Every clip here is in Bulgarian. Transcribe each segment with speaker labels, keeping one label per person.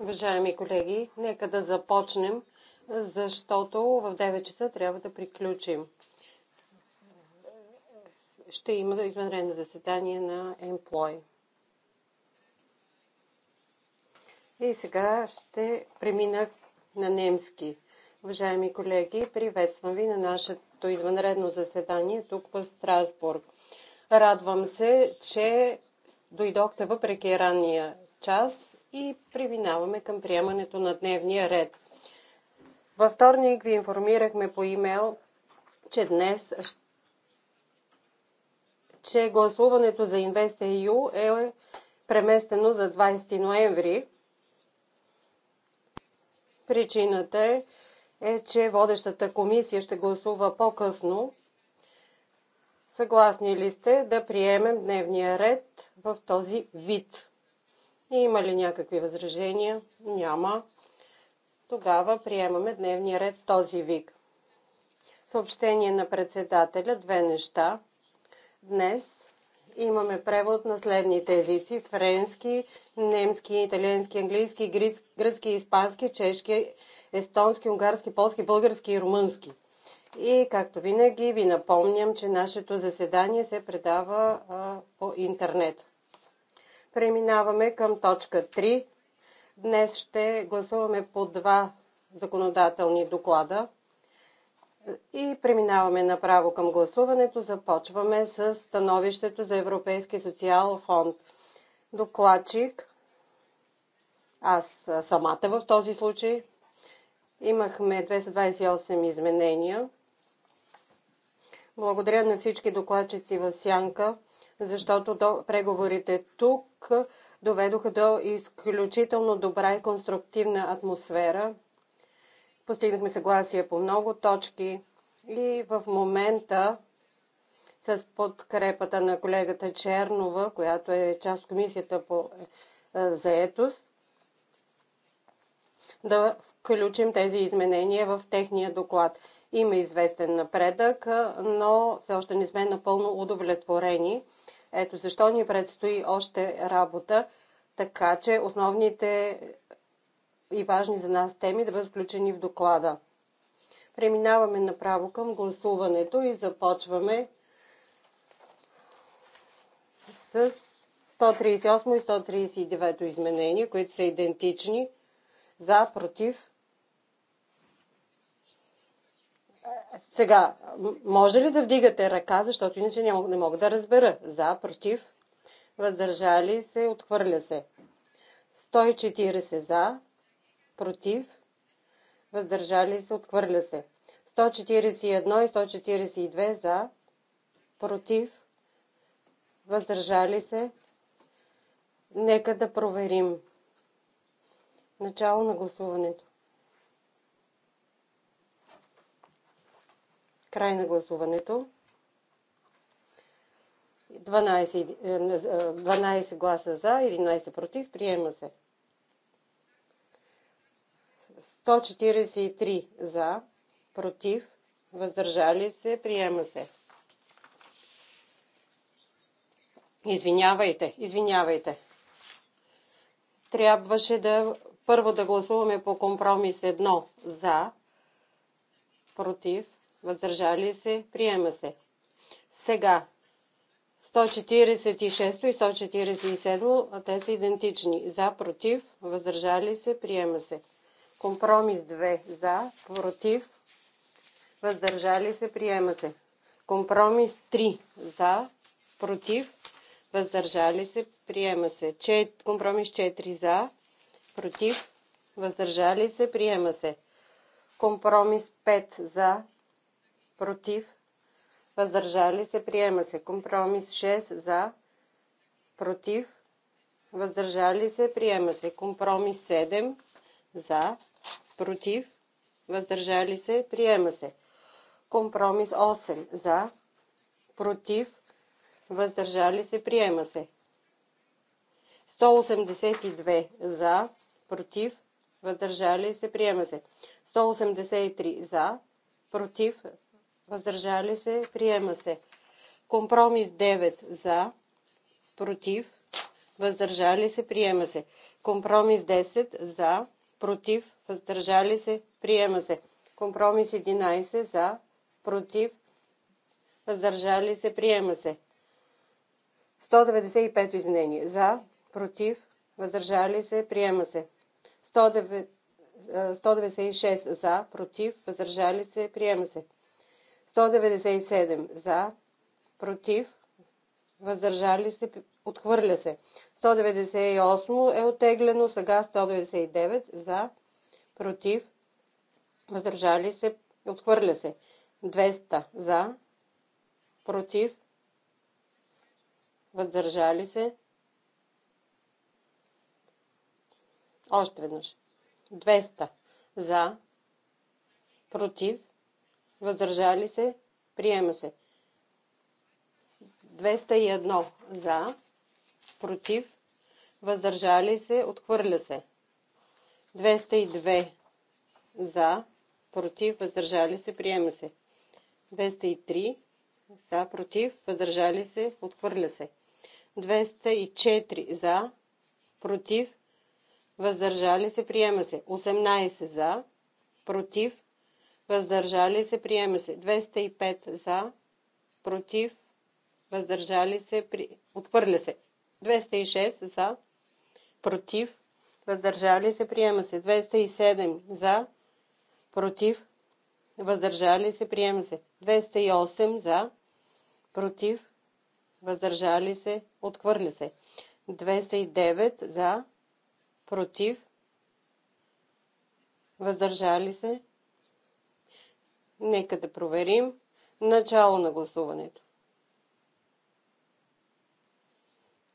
Speaker 1: Уважаеми колеги, нека да започнем, защото в 9 часа трябва да приключим. Ще има извънредно заседание на Employ. И сега ще премина на немски. Уважаеми колеги, приветствам ви на нашето извънредно заседание тук в Страсбург. Радвам се, че дойдохте въпреки ранния час и преминаваме към приемането на дневния ред. Във вторник ви информирахме по имейл, че днес че гласуването за InvestEU е преместено за 20 ноември. Причината е, е, че водещата комисия ще гласува по-късно Съгласни ли сте да приемем дневния ред в този вид? Има ли някакви възражения? Няма. Тогава приемаме дневния ред този вид. Съобщение на председателя. Две неща. Днес имаме превод на следните езици. Френски, немски, италиански, английски, гръцки, испански, чешки, естонски, унгарски, полски, български и румънски. И както винаги ви напомням, че нашето заседание се предава а, по интернет. Преминаваме към точка 3. Днес ще гласуваме по два законодателни доклада. И преминаваме направо към гласуването. Започваме с становището за Европейски социал фонд. Докладчик, аз самата в този случай, имахме 228 изменения. Благодаря на всички докладчици в Сянка, защото до преговорите тук доведоха до изключително добра и конструктивна атмосфера. Постигнахме съгласие по много точки и в момента с подкрепата на колегата Чернова, която е част от комисията по е, заетост, да включим тези изменения в техния доклад. Има известен напредък, но все още не сме напълно удовлетворени. Ето защо ни предстои още работа, така че основните и важни за нас теми да бъдат включени в доклада. Преминаваме направо към гласуването и започваме с 138 и 139 изменения, които са идентични за, против, Сега, може ли да вдигате ръка, защото иначе не мога, не мога да разбера. За, против, въздържали се, отхвърля се. 140 за, против, въздържали се, отхвърля се. 141 и 142 за, против, въздържали се. Нека да проверим. Начало на гласуването. Край на гласуването. 12, е, е, гласа за, 11 против. Приема се. 143 за, против, въздържали се, приема се. Извинявайте, извинявайте. Трябваше да първо да гласуваме по компромис 1 за, против, въздържали се, приема се. Сега 146 и 147, те са идентични. За, против, въздържали се, приема се. Компромис 2. За, против, въздържали се, приема се. Компромис 3. За, против, въздържали се, приема се. Чет, компромис 4. За, против, въздържали се, приема се. Компромис 5. За, против, въздържали се, приема се. Компромис 6 за, против, въздържали се, приема се. Компромис 7 за, против, въздържали се, приема се. Компромис 8 за, против, въздържали се, приема се. 182 за, против, въздържали се, приема се. 183 за, против, въздържали се, приема се. Компромис 9 за, против, въздържали се, приема се. Компромис 10 за, против, въздържали се, приема се. Компромис 11 за, против, въздържали се, приема се. 195 изменение. За, против, въздържали се, приема се. 196 за, против, въздържали се, приема се. 197 е за, против, въздържали се, отхвърля се. 198 е отеглено, сега 199 за, против, въздържали се, отхвърля се. 200 за, против, въздържали се. Още веднъж. 200 за, против, въздържали се, приема се. 201 за, против, въздържали се, отхвърля се. 202 за, против, въздържали се, приема се. 203 за, против, въздържали се, отхвърля се. 204 за, против, въздържали се, приема се. 18 за, против, въздържали се, приема се. 205 за, против, въздържали се, при... отхвърля се. 206 за, против, въздържали се, приема се. 207 за, против, въздържали се, приема се. 208 за, против, въздържали се, отхвърля се. 209 за, против, въздържали се, Нека да проверим начало на гласуването.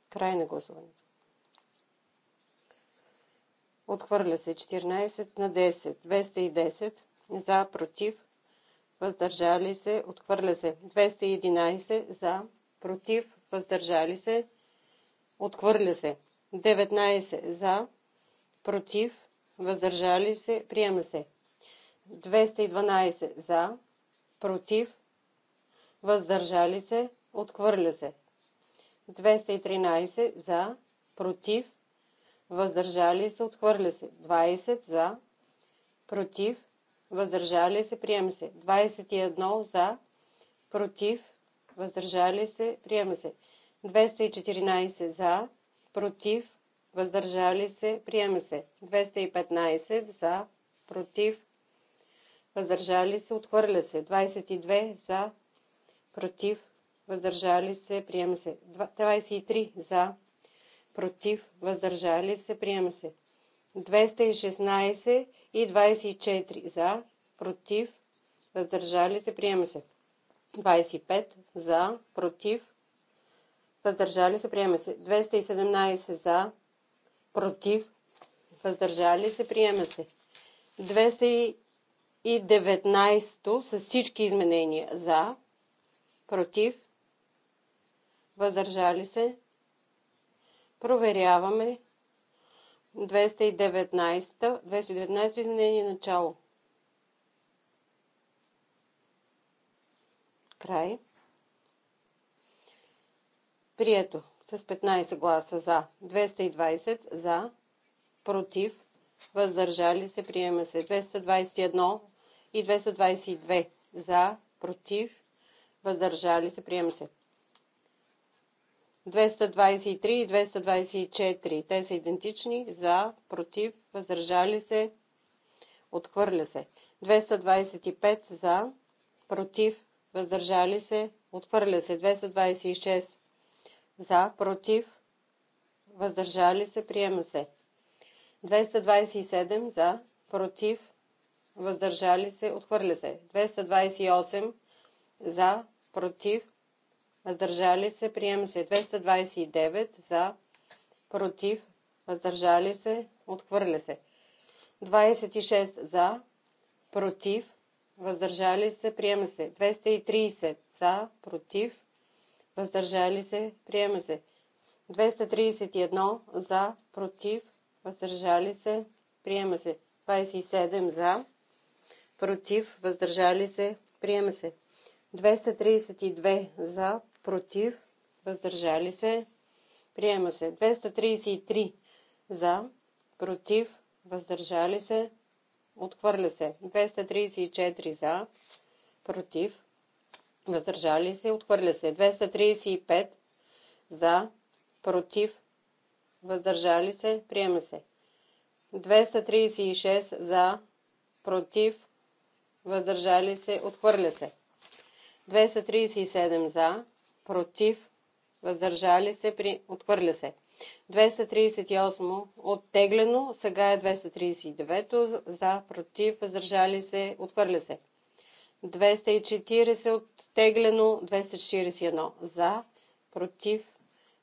Speaker 1: Край на гласуването. Отхвърля се 14 на 10. 210 за, против, въздържали се. Отхвърля се 211 за, против, въздържали се. Отхвърля се 19 за, против, въздържали се. Приема се 212 за, против, въздържали се, отхвърля се. 213 за, против, въздържали се, отхвърля се. 20 за, против, въздържали се, приема се. 21 за, против, въздържали се, приема се. 214 за, против, въздържали се, приема се. 215 за, против, въздържали се, отхвърля се. 22 за, против, въздържали се, приема се. 23 за, против, въздържали се, приема се. 216 и 24 за, против, въздържали се, приема се. 25 за, против, въздържали се, приема се. 217 за, против, въздържали се, приема се. 200 и 19 с всички изменения за, против, въздържали се. Проверяваме 219, 219 изменение начало. Край. Прието с 15 гласа за, 220 за, против, въздържали се, приема се 221 и 222 за, против, въздържали се, приема се. 223 и 224. Те са идентични. За, против, въздържали се, отхвърля се. 225 за, против, въздържали се, отхвърля се. 226 за, против, въздържали се, приема се. 227 за, против, въздържали се, отхвърля се. 228 за, против, въздържали се, приема се. 229 за, против, въздържали се, отхвърля се. 26 за, против, въздържали се, приема се. 230 за, против, въздържали се, приема се. 231 за, против, въздържали се, приема се. 27 за, против, въздържали се, приема се. 232 за, против, въздържали се, приема се. 233 за, против, въздържали се, отхвърля се. 234 за, против, въздържали се, отхвърля се. 235 за, против, въздържали се, приема се. 236 за, против, въздържали се, отхвърля се. 237 за, против, въздържали се, при... отхвърля се. 238 оттеглено, сега е 239 за, против, въздържали се, отхвърля се. 240 оттеглено, 241 за, против,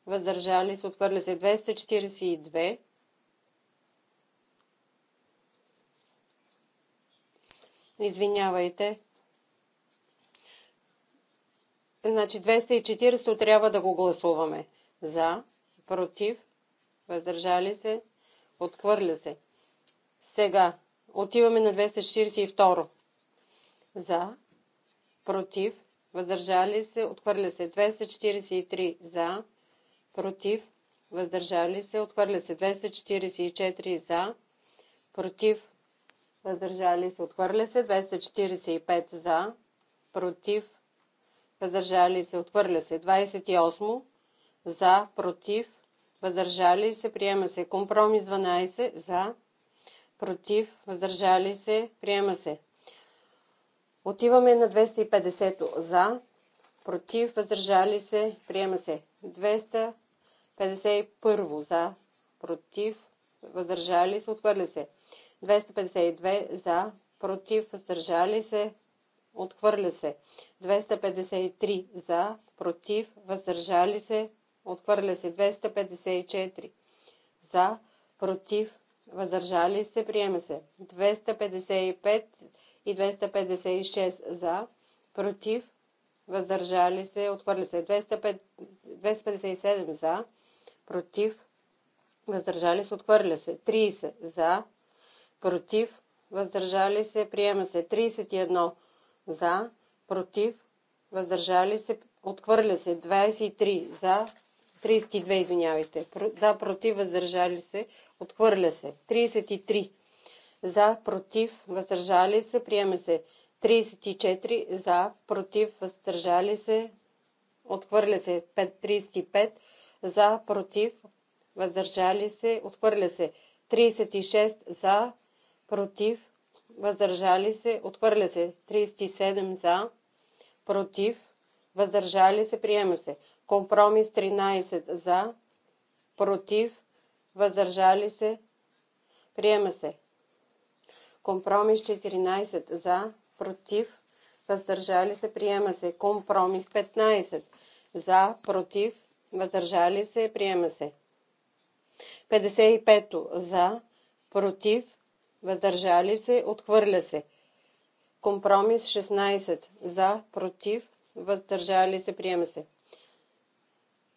Speaker 1: въздържали се, отхвърля се. 242 Извинявайте. Значи 240 трябва да го гласуваме. За, против, въздържали се, отхвърля се. Сега отиваме на 242. За, против, въздържали се, отхвърля се. 243 за, против, въздържали се, отхвърля се. 244 за, против, въздържали се, отхвърля се. 245 за, против, въздържали се, отхвърля се. 28 за, против, въздържали се, приема се. Компромис 12 за, против, въздържали се, приема се. Отиваме на 250 за, против, въздържали се, приема се. 251 за, против, въздържали се, отхвърля се. 252 за, против, въздържали се, отхвърля се. 253 за, против, въздържали се, отхвърля се. 254 за, против, въздържали се, приема се. 255 и 256 за, против, въздържали се, отхвърля се. 25, 257 за, против, въздържали се, отхвърля се. 30 за, против, въздържали се, приема се. 31 за, против, въздържали се, отхвърля се. 23 за, 32, извинявайте, за, против, въздържали се, отхвърля се. 33 за, против, въздържали се, приема се. 34 за, против, въздържали се, отхвърля се. 35 за, против, въздържали се, отхвърля се. 36 за, против, въздържали се, отхвърля се. 37 за, против, въздържали се, приема се. Компромис 13 за, против, въздържали се, приема се. Компромис 14 за, против, въздържали се, приема се. Компромис 15 за, против, въздържали се, приема се. 55 за, против, въздържали се, отхвърля се. Компромис 16 за, против, въздържали се, приема се.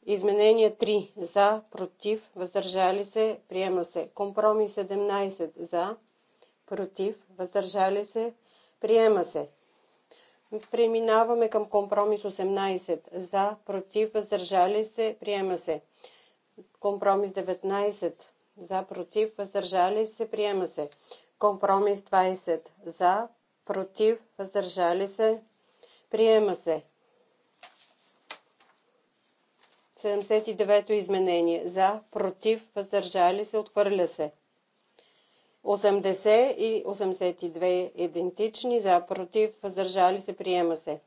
Speaker 1: Изменение 3 за, против, въздържали се, приема се. Компромис 17 за, против, въздържали се, приема се. Преминаваме към компромис 18 за, против, въздържали се, приема се. Компромис 19 за, против, въздържали се, приема се. Компромис 20 за, против, въздържали се, приема се. 79-то изменение за, против, въздържали се, отхвърля се. 80 и 82 идентични за, против, въздържали се, приема се.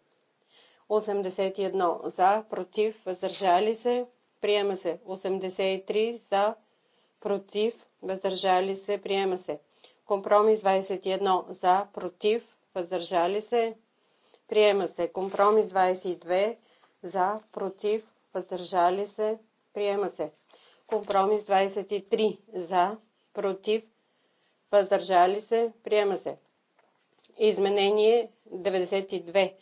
Speaker 1: 81 за, против, въздържали се, приема се. 83 за, против, против, въздържали се, приема се. Компромис 21 за, против, въздържали се, приема се. Компромис 22 за, против, въздържали се, приема се. Компромис 23 за, против, въздържали се, приема се. Изменение 92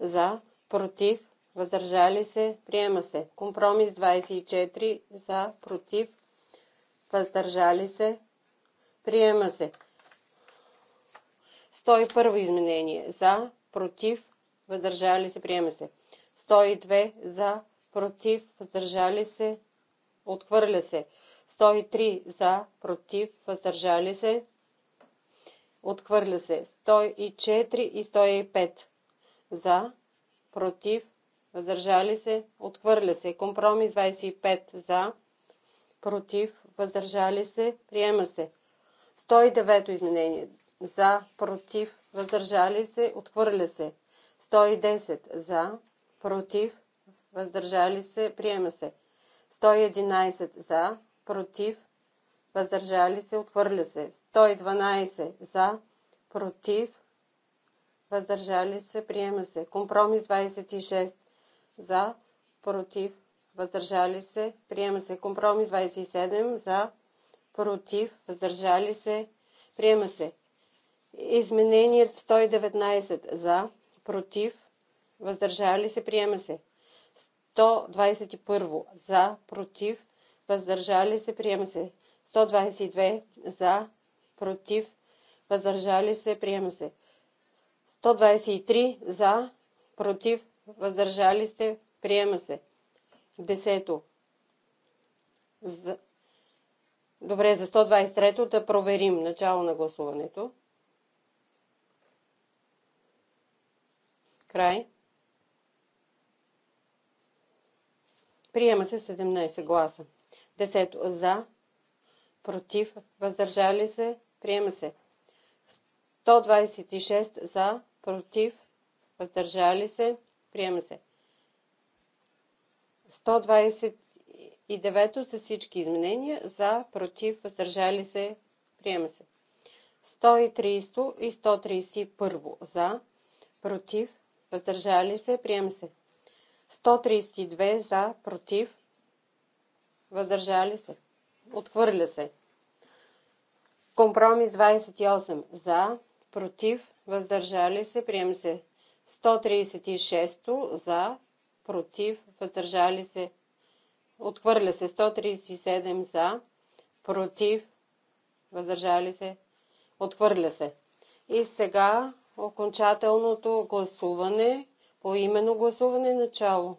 Speaker 1: за, против, въздържали се, приема се. Компромис 24 за, против, въздържали се, приема се. 101 изменение за, против, въздържали се, приема се. 102 за, против, въздържали се, отхвърля се. 103 за, против, въздържали се, отхвърля се. 104 и 105 за, против, въздържали се, отхвърля се. Компромис 25 за, против, въздържали се, приема се. 109 изменение за, против, въздържали се, отхвърля се. 110 за, против, въздържали се, приема се. 111 за, против, въздържали се, отхвърля се. 112 за, против, въздържали се, приема се. Компромис 26 за, против, въздържали се, приема се. Компромис 27 за, против, въздържали се, приема се. Изменение 119 за, против, въздържали се, приема се. 121 за, против, въздържали се, приема се. 122 за, против, въздържали се, приема се. 123 за, против, въздържали се, приема се. Десето. За... Добре, за 123-то да проверим начало на гласуването. Край. Приема се 17 гласа. Десето. За. Против. Въздържали се. Приема се. 126 за. Против. Въздържали се. Приема се. 129 са всички изменения. За, против, въздържали се, приема се. 130 и 131 за, против, въздържали се, приема се. 132 за, против, въздържали се, отхвърля се. Компромис 28 за, против, въздържали се, приема се. 136 за, против, въздържали се, отхвърля се 137 за, против, въздържали се, отхвърля се. И сега окончателното гласуване, по именно гласуване начало.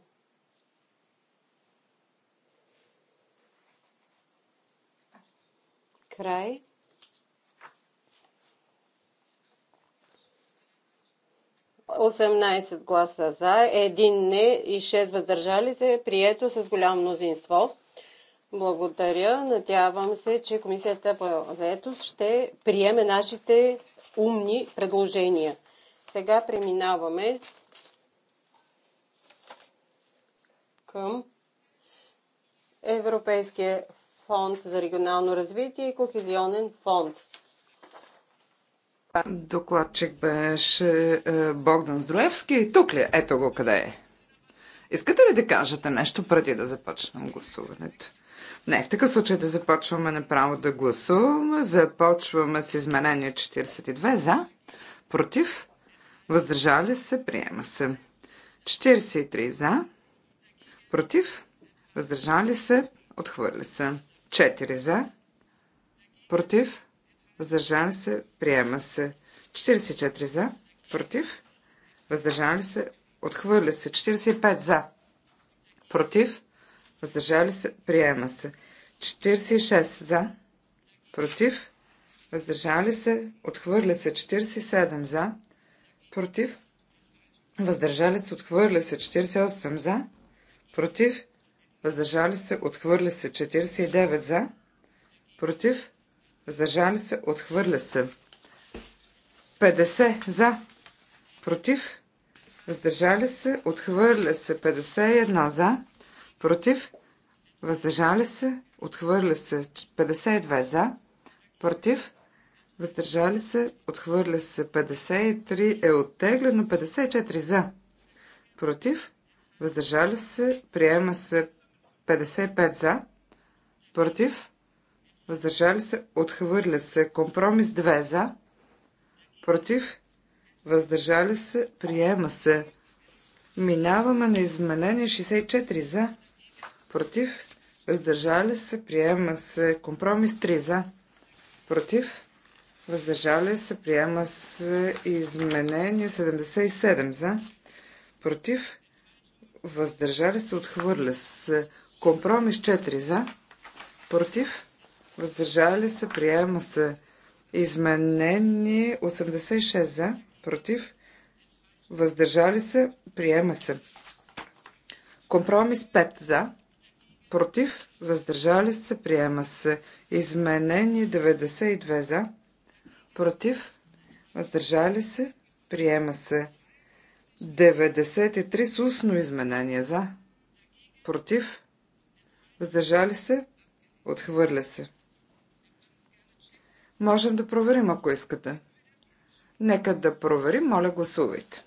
Speaker 1: Край. 18 гласа за, 1 не и 6 въздържали се, прието с голямо мнозинство. Благодаря. Надявам се, че Комисията по заетост ще приеме нашите умни предложения. Сега преминаваме към Европейския фонд за регионално развитие и Кохезионен фонд.
Speaker 2: Докладчик беше е, Богдан Здроевски. Тук ли? Е? Ето го къде е. Искате ли да кажете нещо преди да започнем гласуването? Не, в такъв случай да започваме направо да гласуваме. Започваме с изменение 42 за, против, въздържали се, приема се. 43 за, против, въздържали се, отхвърли се. 4 за, против, въздържали се, приема се. 44 за, против, въздържали се, отхвърля се. 45 за, против, въздържали се, приема се. 46 за, против, въздържали се, отхвърля се. 47 за, против, въздържали се, отхвърля се. 48 за, против, въздържали се, отхвърля се. 49 за, против, въздържали се, отхвърля се. 50 за, против, въздържали се, отхвърля се. 51 за, против, въздържали се, отхвърля се. 52 за, против, въздържали се, отхвърля се. 53 е оттеглено, 54 за, против, въздържали се, приема се. 55 за, против, въздържали се, отхвърля се. Компромис 2 за, против, въздържали се, приема се. Минаваме на изменение 64 за, против, въздържали се, приема се. Компромис 3 за, против, въздържали се, приема се. Изменение 77 за, против, въздържали се, отхвърля се. Компромис 4 за, против, въздържали се, приема се. Изменени 86 за, против, въздържали се, приема се. Компромис 5 за, против, въздържали се, приема се. Изменени 92 за, против, въздържали се, приема се. 93 с устно изменение за, против, въздържали се, отхвърля се. Можем да проверим, ако искате. Нека да проверим. Моля, гласувайте.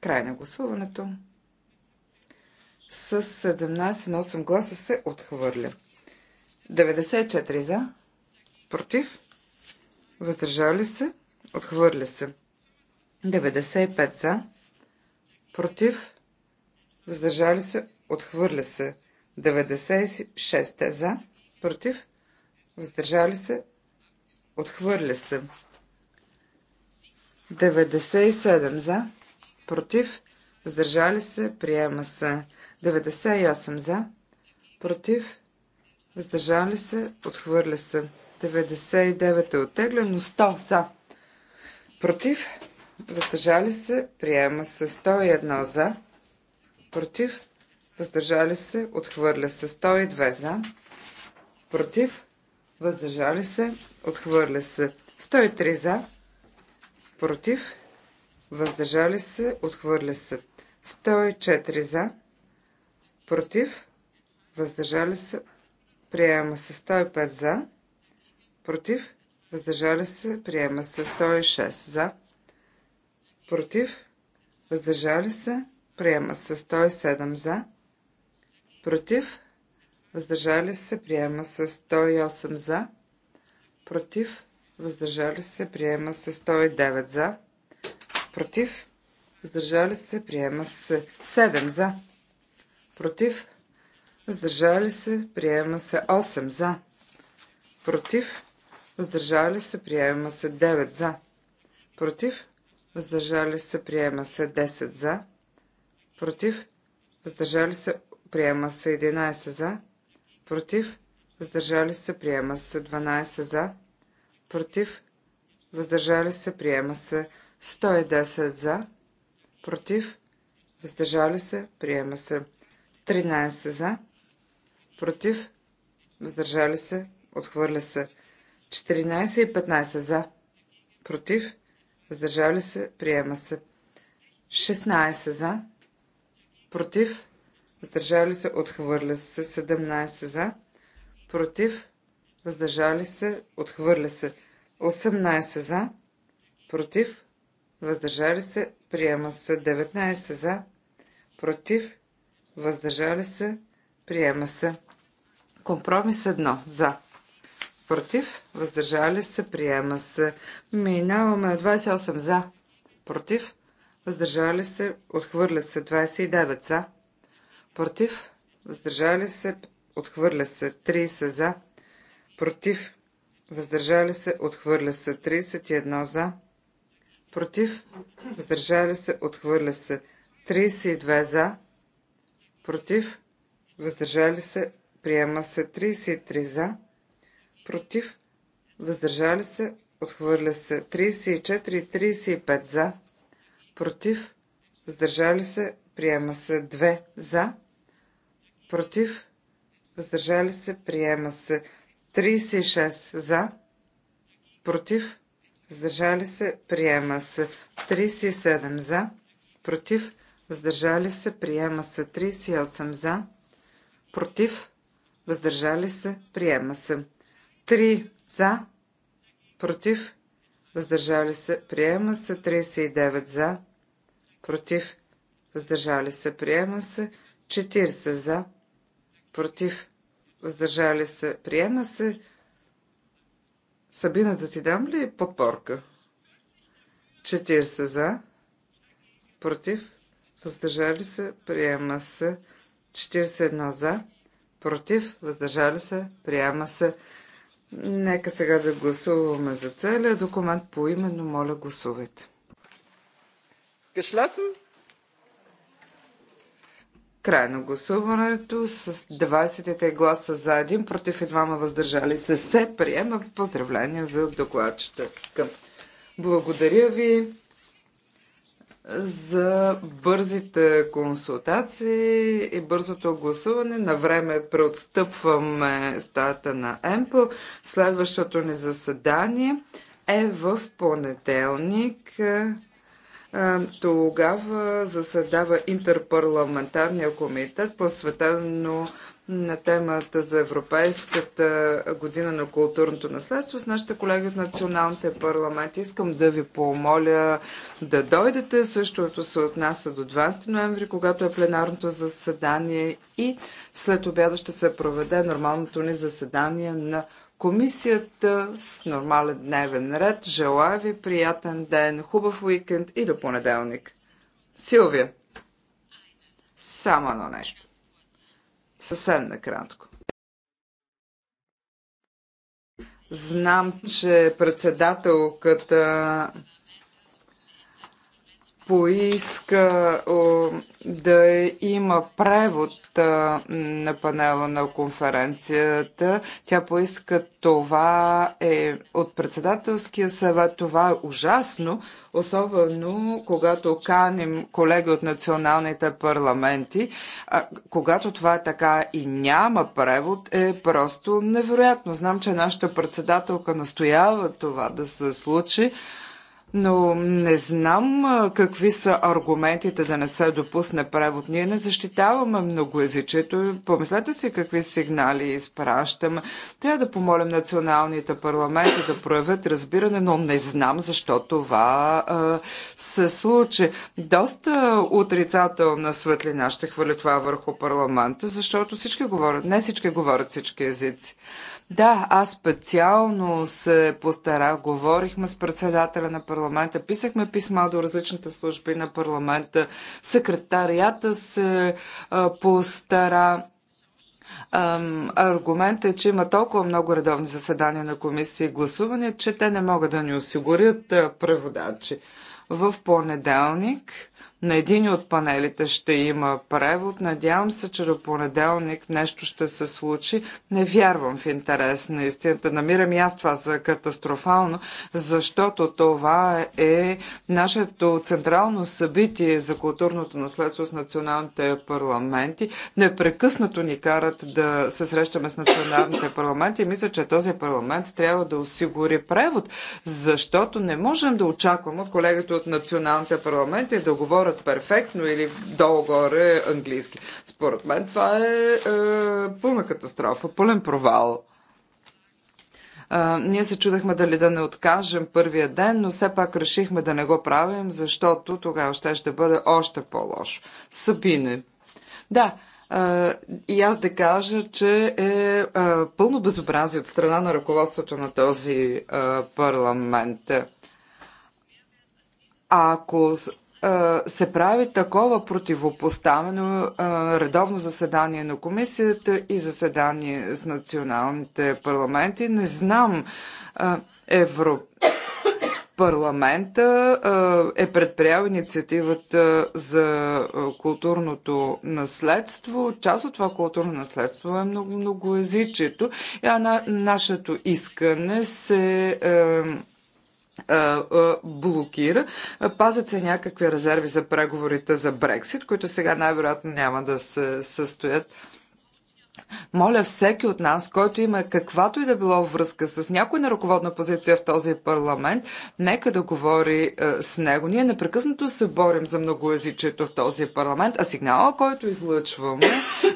Speaker 2: Край на гласуването. С 17 на 8 гласа се отхвърля. 94 за. Против. Въздържали се. Отхвърля се. 95 за. Против. Въздържали се. Отхвърля се. 96 за. Против въздържали се, отхвърля се. 97 за, против, въздържали се, приема се. 98 за, против, въздържали се, отхвърля се. 99 е оттеглено, 100 за, против, въздържали се, приема се. 101 за, против, въздържали се, отхвърля се. 102 за, против, въздържали се, отхвърля се. 103 за, против, въздържали се, отхвърля се. 104 за, против, въздържали се, приема се. 105 за, против, въздържали се, приема се. 106 за, против, въздържали се, приема се. 107 за, против, въздържали се, приема се 108 за, против, въздържали се, приема се 109 за, против, въздържали се, приема се 7 за, против, въздържали се, приема се 8 за, против, въздържали се, приема се 9 за, против, въздържали се, приема се 10 за, против, въздържали се, приема се 11 за, против, въздържали се, приема се. 12 за, против, въздържали се, приема се. 110 за, против, въздържали се, приема се. 13 за, против, въздържали се, отхвърля се. 14 и 15 за, против, въздържали се, приема се. 16 за, против, въздържали се, отхвърля се. 17 за, против, въздържали се, отхвърля се. 18 за, против, въздържали се, приема се. 19 за, против, въздържали се, приема се. Компромис 1 за против, въздържали се, приема се. Минаваме 28 за, против, въздържали се, отхвърля се 29 за, против, въздържали се, отхвърля се 30 за, против, въздържали се, отхвърля се 31 за, против, въздържали се, отхвърля се 32 за, против, въздържали се, приема се 33 за, против, въздържали се, отхвърля се 34 и 35 за, против, въздържали се, приема се 2 за, против, въздържали се, приема се. 36 за, против, въздържали се, приема се. 37 за, против, въздържали се, приема се. 38 за, против, въздържали се, приема се. 3 за, против, въздържали се, приема се. 39 за, против, въздържали се, приема се. 40 за, против, въздържали се, приема се. Сабина, да ти дам ли подпорка? 40 за, против, въздържали се, приема се. 41 за, против, въздържали се, приема се. Нека сега да гласуваме за целият документ по именно. Моля, гласувайте. Geschlossen? Край на гласуването с 23 гласа за 1, против и двама въздържали се се приема. Поздравления за докладчета. Благодаря ви за бързите консултации и бързото гласуване. На време преотстъпваме стата на ЕМПЛ. Следващото ни заседание е в понеделник. Тогава заседава Интерпарламентарния комитет, посветено на темата за Европейската година на културното наследство с нашите колеги от националните парламенти. Искам да ви помоля да дойдете. Същото се отнася до 20 ноември, когато е пленарното заседание и след обяда ще се проведе нормалното ни заседание на комисията с нормален дневен ред. Желая ви приятен ден, хубав уикенд и до понеделник. Силвия, само едно нещо. Съвсем накратко. Знам, че председателката поиска да има превод на панела на конференцията. Тя поиска това е от председателския съвет. Това е ужасно, особено когато каним колеги от националните парламенти. А, когато това е така и няма превод, е просто невероятно. Знам, че нашата председателка настоява това да се случи но не знам какви са аргументите да не се допусне превод. Ние не защитаваме многоязичието. Помислете си какви сигнали изпращаме. Трябва да помолим националните парламенти да проявят разбиране, но не знам защо това а, се случи. Доста отрицателна светлина ще хвали това върху парламента, защото всички говорят, не всички говорят всички езици. Да, аз специално се постарах, говорихме с председателя на парламента, парламента, писахме писма до различните служби на парламента, секретарията се постара. Аргументът е, че има толкова много редовни заседания на комисии и гласуване, че те не могат да ни осигурят преводачи. В понеделник на един от панелите ще има превод. Надявам се, че до понеделник нещо ще се случи. Не вярвам в интерес на истината. Намирам и аз това за катастрофално, защото това е нашето централно събитие за културното наследство с националните парламенти. Непрекъснато ни карат да се срещаме с националните парламенти. Мисля, че този парламент трябва да осигури превод, защото не можем да очакваме от колегите от националните парламенти да говорят говорят перфектно или долу-горе английски. Според мен това е, е пълна катастрофа, пълен провал. А, ние се чудахме дали да не откажем първия ден, но все пак решихме да не го правим, защото тогава ще, ще бъде още по-лошо. Сабине. Да, Uh, и аз да кажа, че е uh, пълно безобразие от страна на ръководството на този uh, парламент. Ако се прави такова противопоставено редовно заседание на комисията и заседание с националните парламенти. Не знам, Евро... парламента е предприял инициативата за културното наследство. Част от това културно наследство е много езичието, И на... нашето искане се е, блокира. Пазят се някакви резерви за преговорите за Брексит, които сега най-вероятно няма да се състоят. Моля всеки от нас, който има каквато и да било връзка с някой на ръководна позиция в този парламент, нека да говори е, с него. Ние непрекъснато се борим за многоязичието в този парламент, а сигнала, който излъчваме,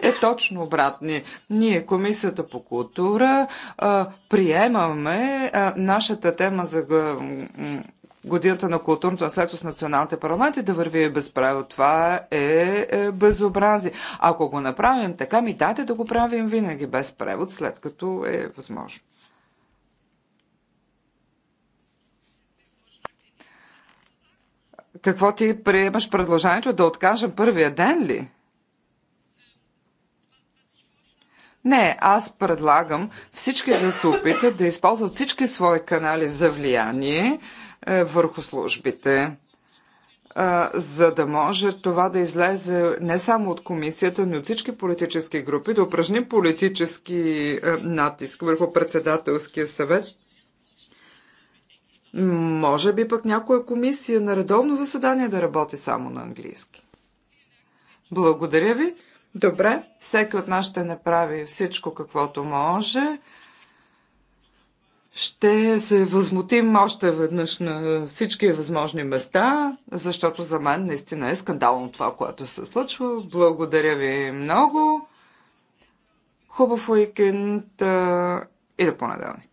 Speaker 2: е точно обратни. Ние, Комисията по култура, е, приемаме е, нашата тема за годината на културното наследство с националните парламенти да върви без правил. Това е, е безобразие. Ако го направим така, ми дайте да го правим винаги без превод, след като е възможно. Какво ти приемаш предложението да откажем първия ден ли? Не, аз предлагам всички да се опитат да използват всички свои канали за влияние, е, върху службите, е, за да може това да излезе не само от комисията, но и от всички политически групи, да упражни политически е, натиск върху председателския съвет. Може би пък някоя комисия на редовно заседание да работи само на английски. Благодаря ви. Добре, всеки от нас ще направи всичко каквото може ще се възмутим още веднъж на всички възможни места, защото за мен наистина е скандално това, което се случва. Благодаря ви много. Хубав уикенд и до понеделник.